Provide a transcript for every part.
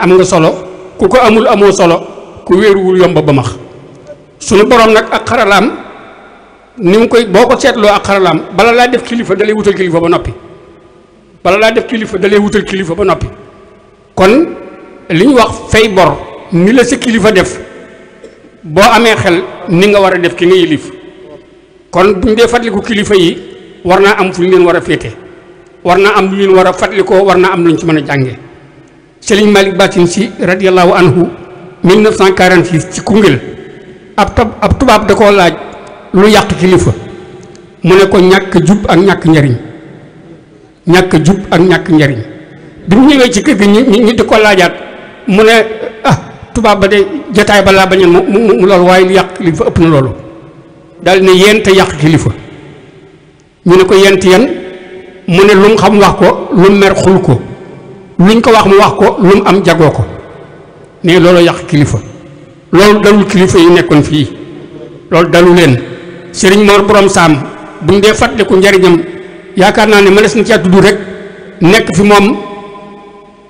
am nga solo ku ko amul amoo solo ku wéeruwul yomb ba max suñu borom nag ak xaralaam ni mu koy boo ko seetloo ak xaralaam bala laa def kilifa dalay wutal kilifa ba noppi bala laa def kilifa dalay wutal kilifa ba noppi kon li ñu wax fay bor ni la sa kilifa def boo amee xel ni nga war a def ki nga yilif kon bu ñu dee fàttaliku kilifa yi war naa am fu ñu ngeen war a féete war naa am lu leen war a fàttalikoo war naa am lu ñu ci mën a jànge Serigne Malick Bathily Sy radiallahu anhu 1946 ci Koungheul ab tab ab tubaab da koo laaj lu yàq kilifa mu ne ko ñàkk jub ak ñàkk njariñ ñàkk jub ak ñàkk njariñ bi mu ñëwee ci kër gi ñi ñi di ko laajaat mu ne ah, tubaab ba de jotaay ba laa bañal mu mu loolu waaye lu yàq kilifa ëpp na loolu daal ne yéen yàq kilifa ñu ne ko yent yan mu ne lu mu xam wax ko lu mu mer xul ko luñ ko wax mu wax ko lu mu am jagoo ko ne loolu yàq kilifa loolu dalul kilifa yi nekkoon fii loolu dalu leen sëriñ Mor Borom Saam buñ dee fàttaliku njariñam yaakaar naa ne mënees na caa tudd rek nekk fi moom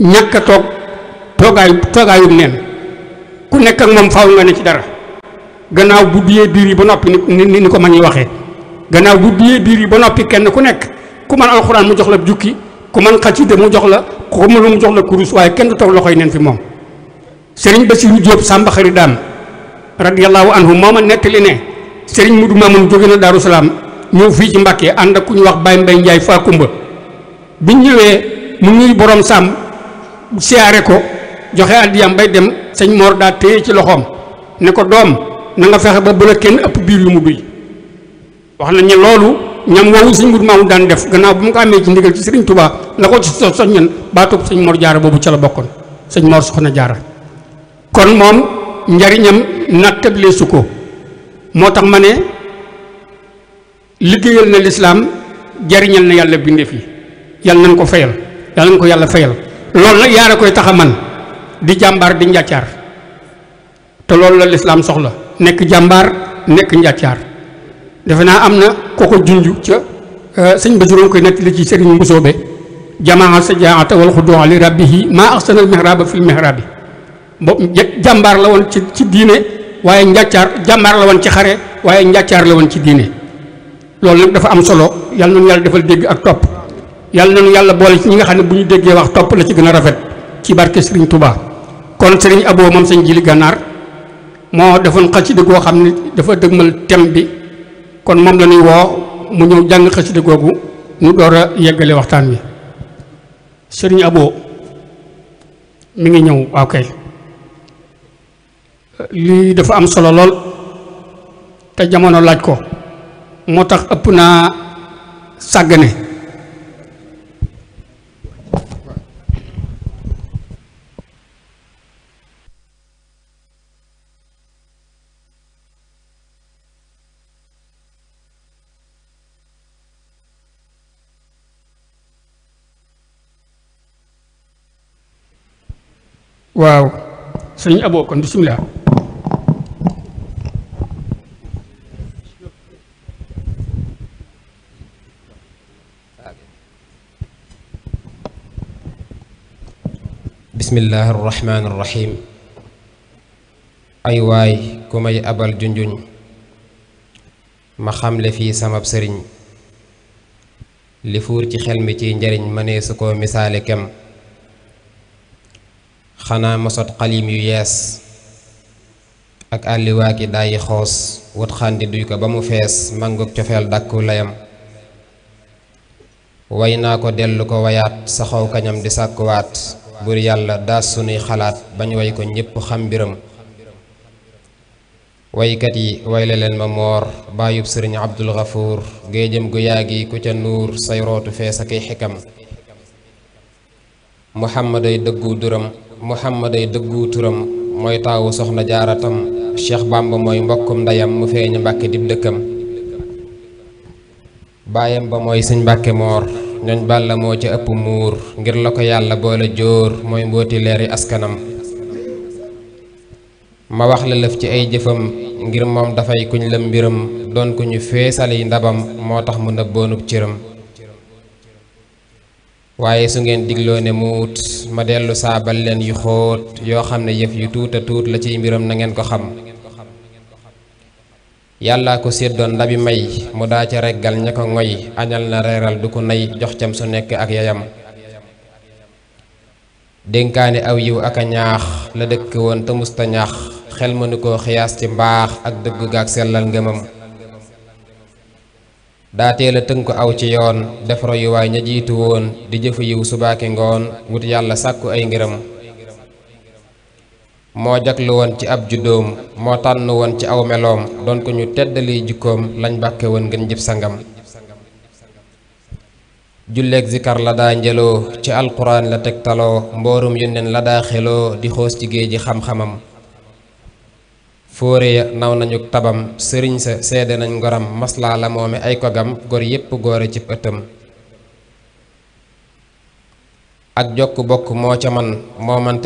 ñàkk a toog toogaay toogaayum neen ku nekk ak moom faw nga ne ci dara gannaaw bu duyee biir yi ba noppi ni ni ko mag ñi waxee gannaaw bu duyee biir yi ba noppi kenn ku nekk ku mën alxuraan mu jox la jukki ku mën xasida mu jox la ku mënul mu jox la kurus waaye kenn du taw loxoy neen fi moom sëriñ Basiru Jóob Sàmba xari daam radiyallahu anhu moo ma nettali ne sëriñ Mudu Maamun jóge na Daaru Salaam ñëw fii ci Mbàkke ànd ak ku ñu wax Baye Mbay Njaay faa kumba biñ ñëwee mu ñuy boroom sàmm siyaare ko joxe àddiyam bay dem sëñ Mor daa téye ci loxoom ne ko doom na nga fexe ba bu la kenn ëpp biir yu mu duy wax nañ ne loolu ñam woowu sëñ Mudu Maamu daan def gannaaw bu mu ko amee ci ndigal ci sëriñ Tuubaa la ko ci so soññan baatub sëñ Mor Jaara boobu ca la bokkoon sëñ Mor Soxna Jaara kon moom njariñam nattable su ko moo tax ma ne liggéeyal na lislaam jariñal na yàlla bindeef yi yàlla nañ ko fayal yàlla nañ ko yàlla fayal loolu nag yaara koy tax a man di jàmbaar di njàccaar te loolu la lislaam soxla nekk jàmbaar nekk njàccaar defe naa am na ko ko junj ca euh, sëñ ba juróom koy nettali ci sëriñ Mbusoobe jamaa sa jaata wal xuduuxa li rabbihi maa axsanal mihraaba fil mihraabi boobu jàmbaar la woon ci ci diine waaye njàccaar jàmbaar la woon ci xare waaye njàccaar la woon ci diine loolu nag dafa am solo yàlla na ñu yàlla defal dégg ak topp yàlla na ñu yàlla boole ci ñi nga xam ne bu ñu déggee wax topp la ci gën a rafet ci barke Serigne tubaa kon Serigne Abo moom sëñ Jili Gànnaar xam ne dafa dëgmal thème bi kon moom la ñuy woo mu ñëw jàng xasida googu ñu door a yeggale waxtaan wi sëriñ Abo mi ngi ñëw waaw kay lii dafa am solo lool te jamono laaj ko moo tax ëpp naa sàggane waaw sëñ aboo kon bisimilah bismillahi arrahmani ay waay ku may abal junjuñ ma xamle fii samab sëriñ li fuur ci xel mi ciy njariñ mënee su ko misaale xanaa mosot xalim yu yees ak àlliwaa ki daayi xoos wat xandi duy ko ba mu fees màngug cofeel dàkku layam way naa ko dellu ko sa saxaw kañam di sàkkuwaat bur yàlla daas sunuy xalaat bañ woy ko ñépp xam mbiram waykat yi wayle leen ma moor bàyyub sëriñ abdul gafuur géejëm gu yaa gi ku ca nuur say rootu fees ak ay xikam muhammaday dëggu duram mu muhammaday dëggu turam mooy taawu soxna jaaratam cheikh bamba mooy mbokkum ndeyam mu feeñu mbàkke dib dëkkam baayam ba mooy suñ mbàkke moor ñooñ bàlla moo ci ëpp muur ngir la ko yàlla boole jóor mooy mbooti leeri askanam ma wax la lëf ci ay jëfam ngir moom dafay kuñ lëm mbiram doon ku ñu feesali ndabam moo tax mu nëbboonub cëram waaye su ngeen digloo ne muut ma dellu saabal leen yu xóot yoo xam ne yëf yu tuuta tuut la ciy mbiram na ko xam yàllaa ko séddoon ndabi may mu daa ca reggal ña ko ngoy añal na reeral du ko nay jox cam su nekk ak yayam dénkaane aw yiw ak a ñaax la dëkk woon te musta ñaax xel mënu koo xiyaas ci mbaax ak dëggu gaak sellal ngëmam daa teel a tënku aw ci yoon def royuwaay ña jiitu woon di jëfu yiw subaaki ngoon wut yàlla sàkku ay ngiram moo jaglu woon ci ab juddoom moo tànn woon ci aw meloom doon ko ñu teddali jikkoom lañ bàkke woon ngën jëb sangam julleeg zikar la daa njëloo ci alquran la tegtaloo mboorum yónneen la daa xeloo di xoos ci géej ji xam-xamam fóore ya naw nañu tabam sëriñ sa sedd nañ ngoram maslaa la moome ay kogam gor yépp goore ci ëttam ak jokk bokk moo ca man moo man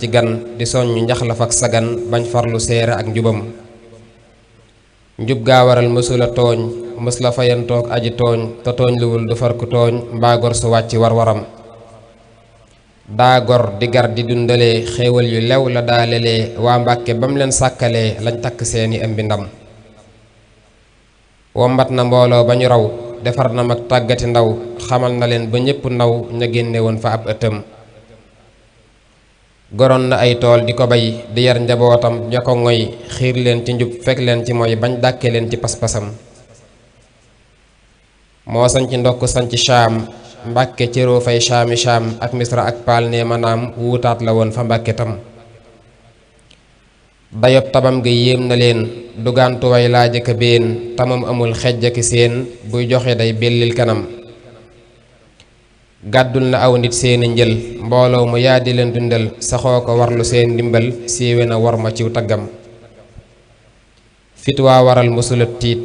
ci gan di njax njaxlaf ak sagan bañ farlu seere ak njubam njub gaa waral mësula tooñ mës la fayantoog aji tooñ te tooñ luwul du farku tooñ mbaa gor su wàcc war waram daa gor di gar di dundale xéewal yu lew la daalelee waa mbàkke ba mu leen sàkkalee lañ takk seeni ëmbi ndam wombat na mbooloo ba ñu raw defar na mag tàggati ndaw xamal na leen ba ñépp ndaw ña génne woon fa ab ëttam goroon na ay tool di ko bay di yar njabootam ña ko ngoy xiir leen ci njub fekk leen ci mooy bañ dàkke leen ci pas-pasam moo sañc ndokk sañc Shaam mbàkke cëroo fay caami caam ak misra ak paal ne manaam wuutaat la woon fa mbàkke tam dayob tabam gi yéem na leen dugaantuway laajëka béen tamam amul xejjaki seen buy joxe day bellil kanam gàddul na aw nit seeni njël mbooloo mu yaa di leen dundal saxoo ko warlu seen ndimbal siiwe na war ma taggam fit waa waral mësula tiit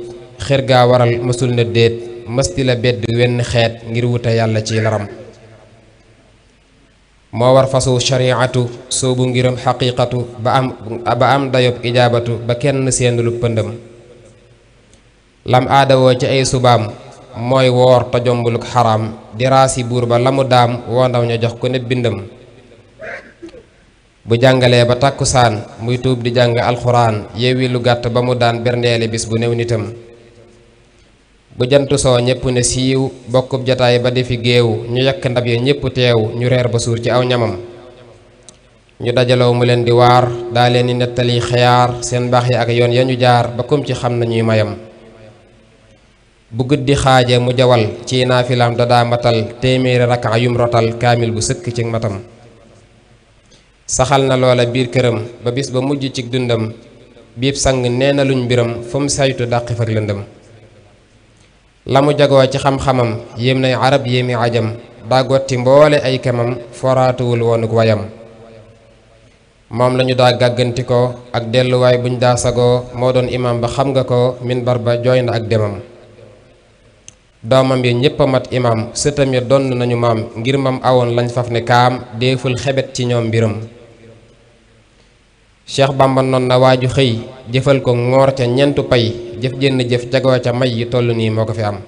xër gaa waral mësul na déet mësti la wenn xeet ngir wuta yàlla ci laram moo war fasu shariatu soobu ngiram xaqiqatu ba am ba am dayob ijaabatu ba kenn seen lu pëndam lam aadawoo ci ay subaam mooy woor te jombuluk xaraam di raasi buur ba lamu daam woo ndaw ña jox ko ne bindam bu jàngalee ba tàkkusaan muy tuub di jàng alxuraan yeewi gàtt ba mu daan berndeele bis bu new nitam bu jant soo ñëpp ne siiw bokkub jataay ba di fi géew ñu yakk ndab ya ñëpp teew ñu reer ba suur ci aw ñamam ñu dajaloo mu leen di waar daa leen di nettali xeyaar seen baax yi ak yoon ya ñu jaar ba kum ci xam nañuy mayam bu guddi xaaje mu jawal ci naafilaam dadaa matal téeméeri rakka rotal kaamil bu sëkk ci matam saxal na loola biir këram ba bis ba mujj ci dundam biib sang nee na luñ mbiram fu saytu dàqif ak lëndam la mu jagoo ci xam-xamam yéem nay arab yéemi ajam daa gotti mboole ay kemam foraatuwul woonuk wayam moom lañu daa gàggantikoo ak delluwaay buñ daa sagoo moo doon imaam ba xam nga ko minbar ba jooy na ak demam doomam yi ñépp a mat imaam sëtam ya donn nañu maam ngir mam awoon lañ faf ne kaam déeful xebet ci ñoom mbiram cheikh bamba noon na waaju xëy jëfal ko ngoor ca ñeentu pay jëf jënn jëf jagoo ca may yu toll nii moo ko fi am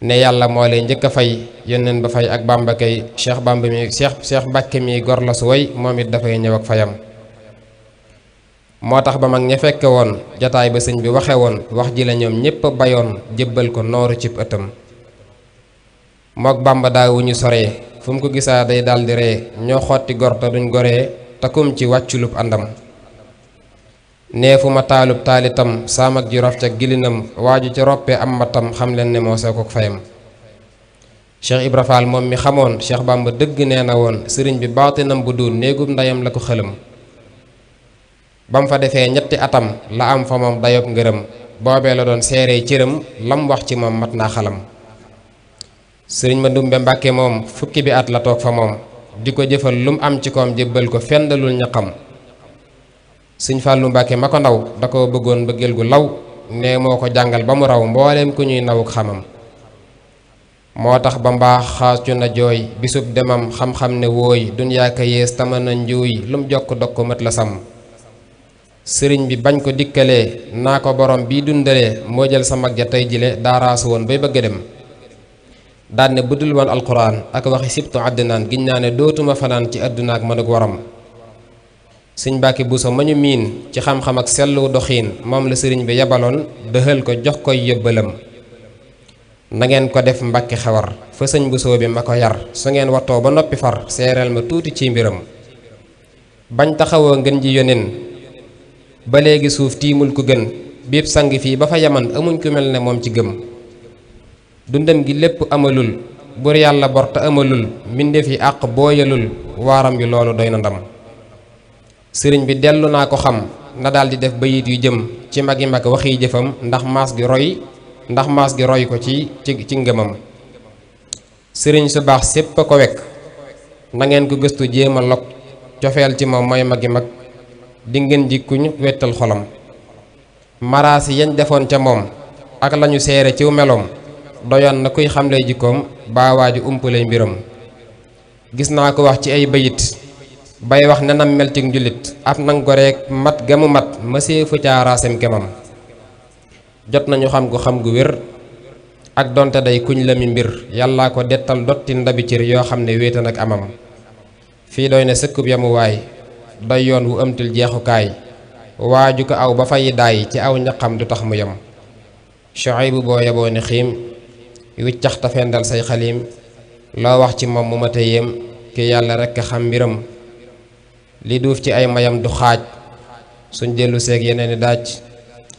ne yàlla moo lay njëkk a fay yónneen ba fay ak bamba kay cheikh bamba mi cheikh cheikh mbàkke mi gor la su moom it dafay ñëw ak fayam moo tax ba mag ña fekke woon jataay ba sëñ bi waxe woon wax ji la ñoom ñépp bayoon jébbal ko nooru cib ëttam mook bamba daawuñu soree fu mu ko gisaa day daldi ree ñoo xotti gor te duñ goree takum ci wàcculub àndam neefuma taalub taalitam saamak ji rof ca gilinam waaju ca roppe am matam xam leen ne moo soo ko fayam cheikh Ibra moom mi xamoon cheikh Bamba dëgg nee na woon sëriñ bi baatinam bu duun néegub ndeyam la ko xëlam ba fa defee ñetti atam la am fa moom dayob ngërëm boobee la doon seeree cëram lam wax ci moom mat naa xalam sëriñ ma ndumbe mbàkke moom fukki bi at la toog fa moom di ko jëfal lu mu am ci koom jébbal ko fendalul ñaqam sëñ Fàllu Mbàkke ma ko ndaw da ko bëggoon bëggeel gu law ne moo ko jàngal ba mu raw mbooleem ku ñuy nawuk xamam moo tax ba mbaax xaacu na jooy bisub demam xam-xam ne wooy dunyaa ka yées tama na njuuy lum jokk dog ko mët la sàmm sëriñ bi bañ ko dikkalee naa ko borom bii dundalee moo jël sa mag ja tey jile daaraas woon bay bëgg dem daan ne dul woon alquran ak waxi sibtu àddinaan giñ naa ne dootuma fanaan ci àdduna ak mënug waram sëñ Mbàkke Buso ma ñu miin ci xam-xam ak sellu doxiin moom la sëriñ bi yabaloon dëxal ko jox koy yëbbalam na ngeen ko def mbàkki xewar fa sëñ Buso bi ma ko yar su ngeen wattoo ba noppi far seereel ma tuuti ci mbiram bañ taxawoo ngeen ji yonin ba léegi suuf tiimul ku gën biib sang fii ba fa yaman amuñ ku mel ne moom ci gëmm dundam gi lépp amalul bur yàlla bor amalul mbindeef yi àq booyalul waaram yu loolu doy na ndam sëriñ bi dellu naa ko xam na daldi di def bayit yu jëm ci magi mag waxi jëfam ndax maas gi roy ndax maas gi roy ko ci ci ci ngëmam sëriñ su baax sépp a ko wekk na ngeen ko gëstu jéem a log cofeel ci moom mooy magi mag di ngeen ji kuñ wettal xolam maraasi yañ defoon ca moom ak lañu seere ciw meloom doyoon na kuy xamle jikkoom baawaa ji umpalay mbiram gis naa ko wax ci ay bayit bay wax ne nam mel ci njullit ab nang ko rek mat gamu mat mësee fu caaraasem kemam jot nañu xam ko xam gu wér ak donte day kuñ la mi mbir yàllaa ko dettal dotti ndabi cër yoo xam ne wéetan ak amam fii doy na sëkkub yamuwaay doy yoon wu ëmtil jeexukaay waaju ko aw ba fay daay ci aw njaqam du tax mu yem Shuaybu boo yeboo ne xiim wiccax tafendal say xaliim loo wax ci moom mu ma téyeem ki yàlla rekk xam mbiram li duuf ci ay mayam du xaaj suñ dellu seeg yeneen i daaj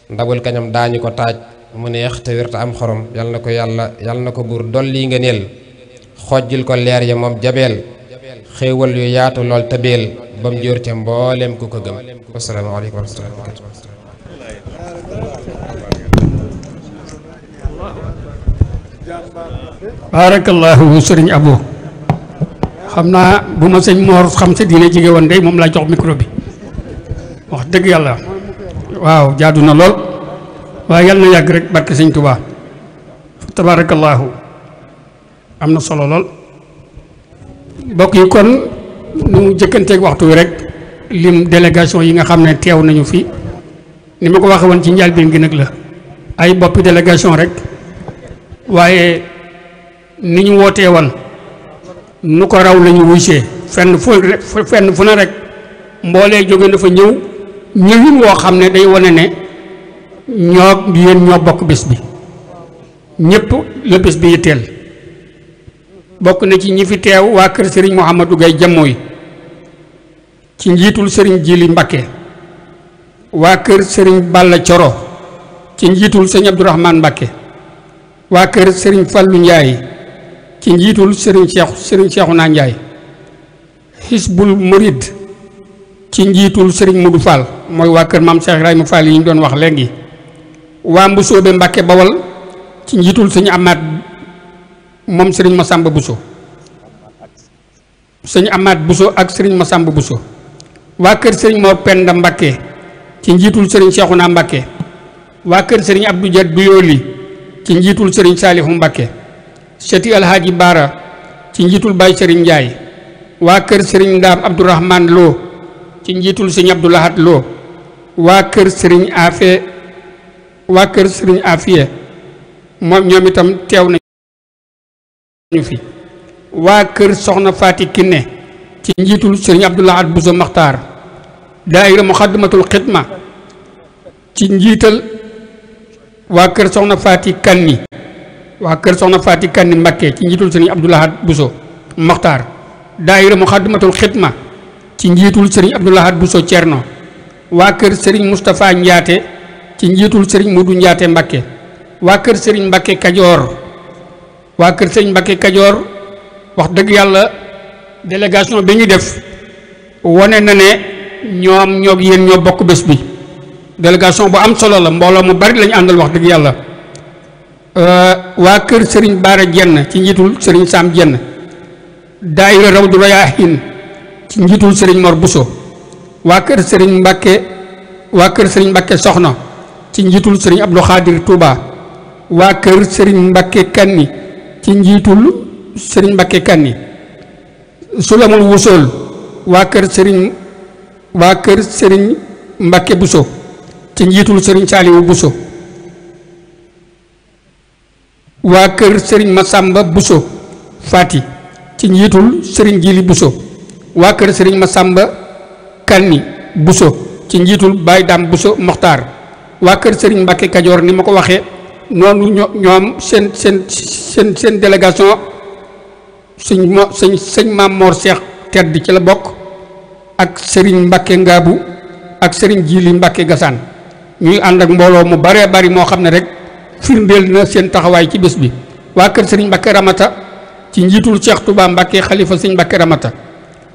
ndabul kañam daañu ko taaj mu neex te wér te am xorom yal na ko yàlla yal na ko buur dolli nga neel xojjil ko leer ya moom jabeel xéewal yu yaatu lool tëbeel ba mu jóor ca mbooleem ku ko gëm wassalaamu aleykum wa rahmatullaahi wa barakaatuh baarakallaahu sëriñ Abo xam naa bu ma sëñ Mor xam sa diine jege woon day moom laa jox micro bi dëgg yàlla waaw jaadu na lool waaye yàlla na yàgg rek barke sëñ tubaa tabaarakallaahu am na solo lool mbokk yi kon nu mu jëkkanteeg waxtu wi rek lim délégation yi nga xam ne teew nañu fi ni ma ko waxe woon ci njëlbéen ngi nag la ay boppi délégation rek waaye ni ñu wootee woon nu ko raw lañu ñu wuysee fenn fu fenn fu na rek mboolee jóge na fa ñëw ñëwin woo xam ne day wane ne ñoo yéen ñoo bokk bis bi ñëpp la bis bi yitteel bokk na ci ñi fi teew waa kër sëriñ Mouhamadou Gaye Jammoo ci njiitul sëriñ Jili Mbakke waa kër sëriñ Balla Coro ci njiitul sëriñ Abdourahmane Mbakke waa kër sëriñ Fallou Ndiaye ci njiitul sëriñ Cheikh sëriñ Cheikhouna Ndiaye Hizbul Murid ci njiitul sëriñ Modou Fall mooy waa kër maam Cheikh Ibrahima Fall yi ñu doon wax léegi waa Mbusoobe Mbàkke Bawal ci njiitul sëñ Amaat moom sëriñ Masamba Bousso sëñ Amaat Bousso ak sëriñ Masamba Bousso waa kër sëriñ Mor Penda Mbàkke ci njiitul sëriñ Cheikhouna Mbàkke waa kër sëriñ Abdou Diat Duyooli ci njiitul sëriñ Saalihu Mbàkke sëti alxaaji baara ci njiitul baay sëriñ njaay waa kër sëriñ ndaam abdourahman loo ci njiitul sëñ abdoulahat loo waa kër sëriñ afe waa kër sëriñ afiye moom ñoom itam teew nañu fi waa kër soxna faati kinne ci njiitul sëriñ abdoulahat buso maxtaar daayira muxaddamatul xidma ci njiital waa kër soxna faati kanni waa kër soxna Faati Kanni Mbakke ci njiitul sëriñ Abdou Lahad Bousso Moxtaar daayira Muxaddamatul Xidma ci njiitul sëriñ Abdou Lahad Bousso Cerno waa kër sëriñ Moustapha Njaate ci njiitul sëriñ Mudu Njaate Mbakke waa kër sëriñ Mbakke Kajoor waa kër sëriñ Mbakke Kajoor wax dëgg yàlla délégation bi ñu def wone na ne ñoom ñoo yéen ñoo bokk bés bi délégation bu am solo la mbooloo mu bari lañu àndal wax dëgg yàlla euh, waa kër sëriñ Baara Jenn ci njiitul sëriñ Saam Jenn daayira Rawdu Rayaahiin ci njiitul sëriñ Mor Buso waa kër sëriñ Mbàkke waa kër sëriñ Mbàkke Soxna ci njiitul sëriñ Abdu Xaadir Tuuba waa kër sëriñ Mbàkke Kanni ci njiitul sëriñ Mbàkke Kanni Sulamul Wusool waa kër sëriñ waa kër sëriñ Mbàkke Buso ci njiitul sëriñ Saaliwu Buso waa kër sëriñ Masamba Bousso Fati ci njiitul sëriñ Jili buso waa kër sëriñ Masamba Kanni Bousso ci njiitul Baye Dam Bousso Moxtaar waa kër sëriñ Mbacke Kajoor ni ma ko waxee noonu ñoom seen seen seen seen délégation sëñ mo sëñ sëñ Maam Mor Seex tedd ci la bokk ak sëriñ Mbacke Ngaabu ak sëriñ Jili Mbacke Gasaan ñuy ànd ak mbooloo mu baree bari moo xam ne rek firndeel na seen taxawaay ci bés bi waa kër sëriñ Mbacke Ramata ci njiitul Cheikh Touba Mbacke xalifa sëriñ Mbacke Ramata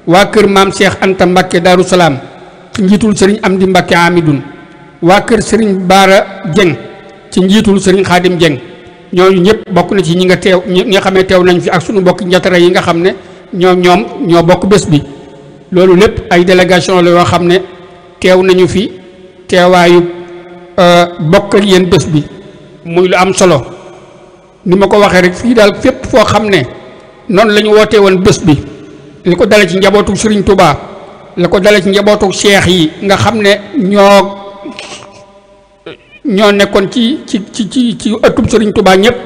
waa kër maam Cheikh Anta Mbacke Darou Salaam ci njiitul sëriñ Amdi Mbacke Amidoun waa kër sëriñ Baara Dieng ci njiitul sëriñ Xaadim Dieng ñooñu ñëpp bokk na ci ñi nga teew ñi nga xam ne teew nañ fi ak suñu mbokk njatara yi nga xam ne ñoom ñoom ñoo bokk bés bi loolu lépp ay délégation la yoo xam ne teew nañu fi teewaayu euh, bokk ak yéen bés bi muy lu am solo ni ma ko waxee rek fii daal fépp foo xam ne noonu lañu wootee woon bés bi li ko dala ci njabootu sëriñ Touba la ko dale ci njabootu seex yi nga xam ne ñoo ñoo nekkoon ci ci ci ci ci ëttum Serigne Touba ñëpp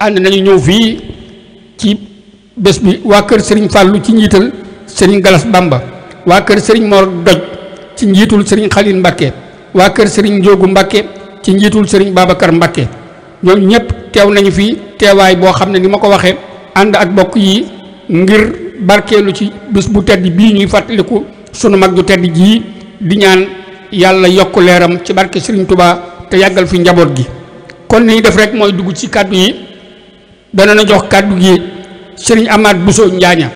ànd nañu ñëw fii ci bés bi waa kër sëriñ Fallou ci njiital Serigne Galas Bamba waa kër sëriñ Mor Doj ci njiitul Serigne Khalil Mbakke waa kër Serigne Njoogu Mbakke ci njiitul sëriñ Babacar Mbakke ñoom ñëpp teew nañu fi teewaay boo xam ne ni ma ko waxee ànd ak bokk yi ngir barkeelu ci bis bu tedd bii ñuy fàttaliku sunu mag ju tedd jii di ñaan yàlla yokk leeram ci barke sëriñ Touba te yàggal fi njaboot gi kon li def rek mooy dugg ci kàddu yi dana na jox kàddu gi sëriñ Amath Bousso Njaaña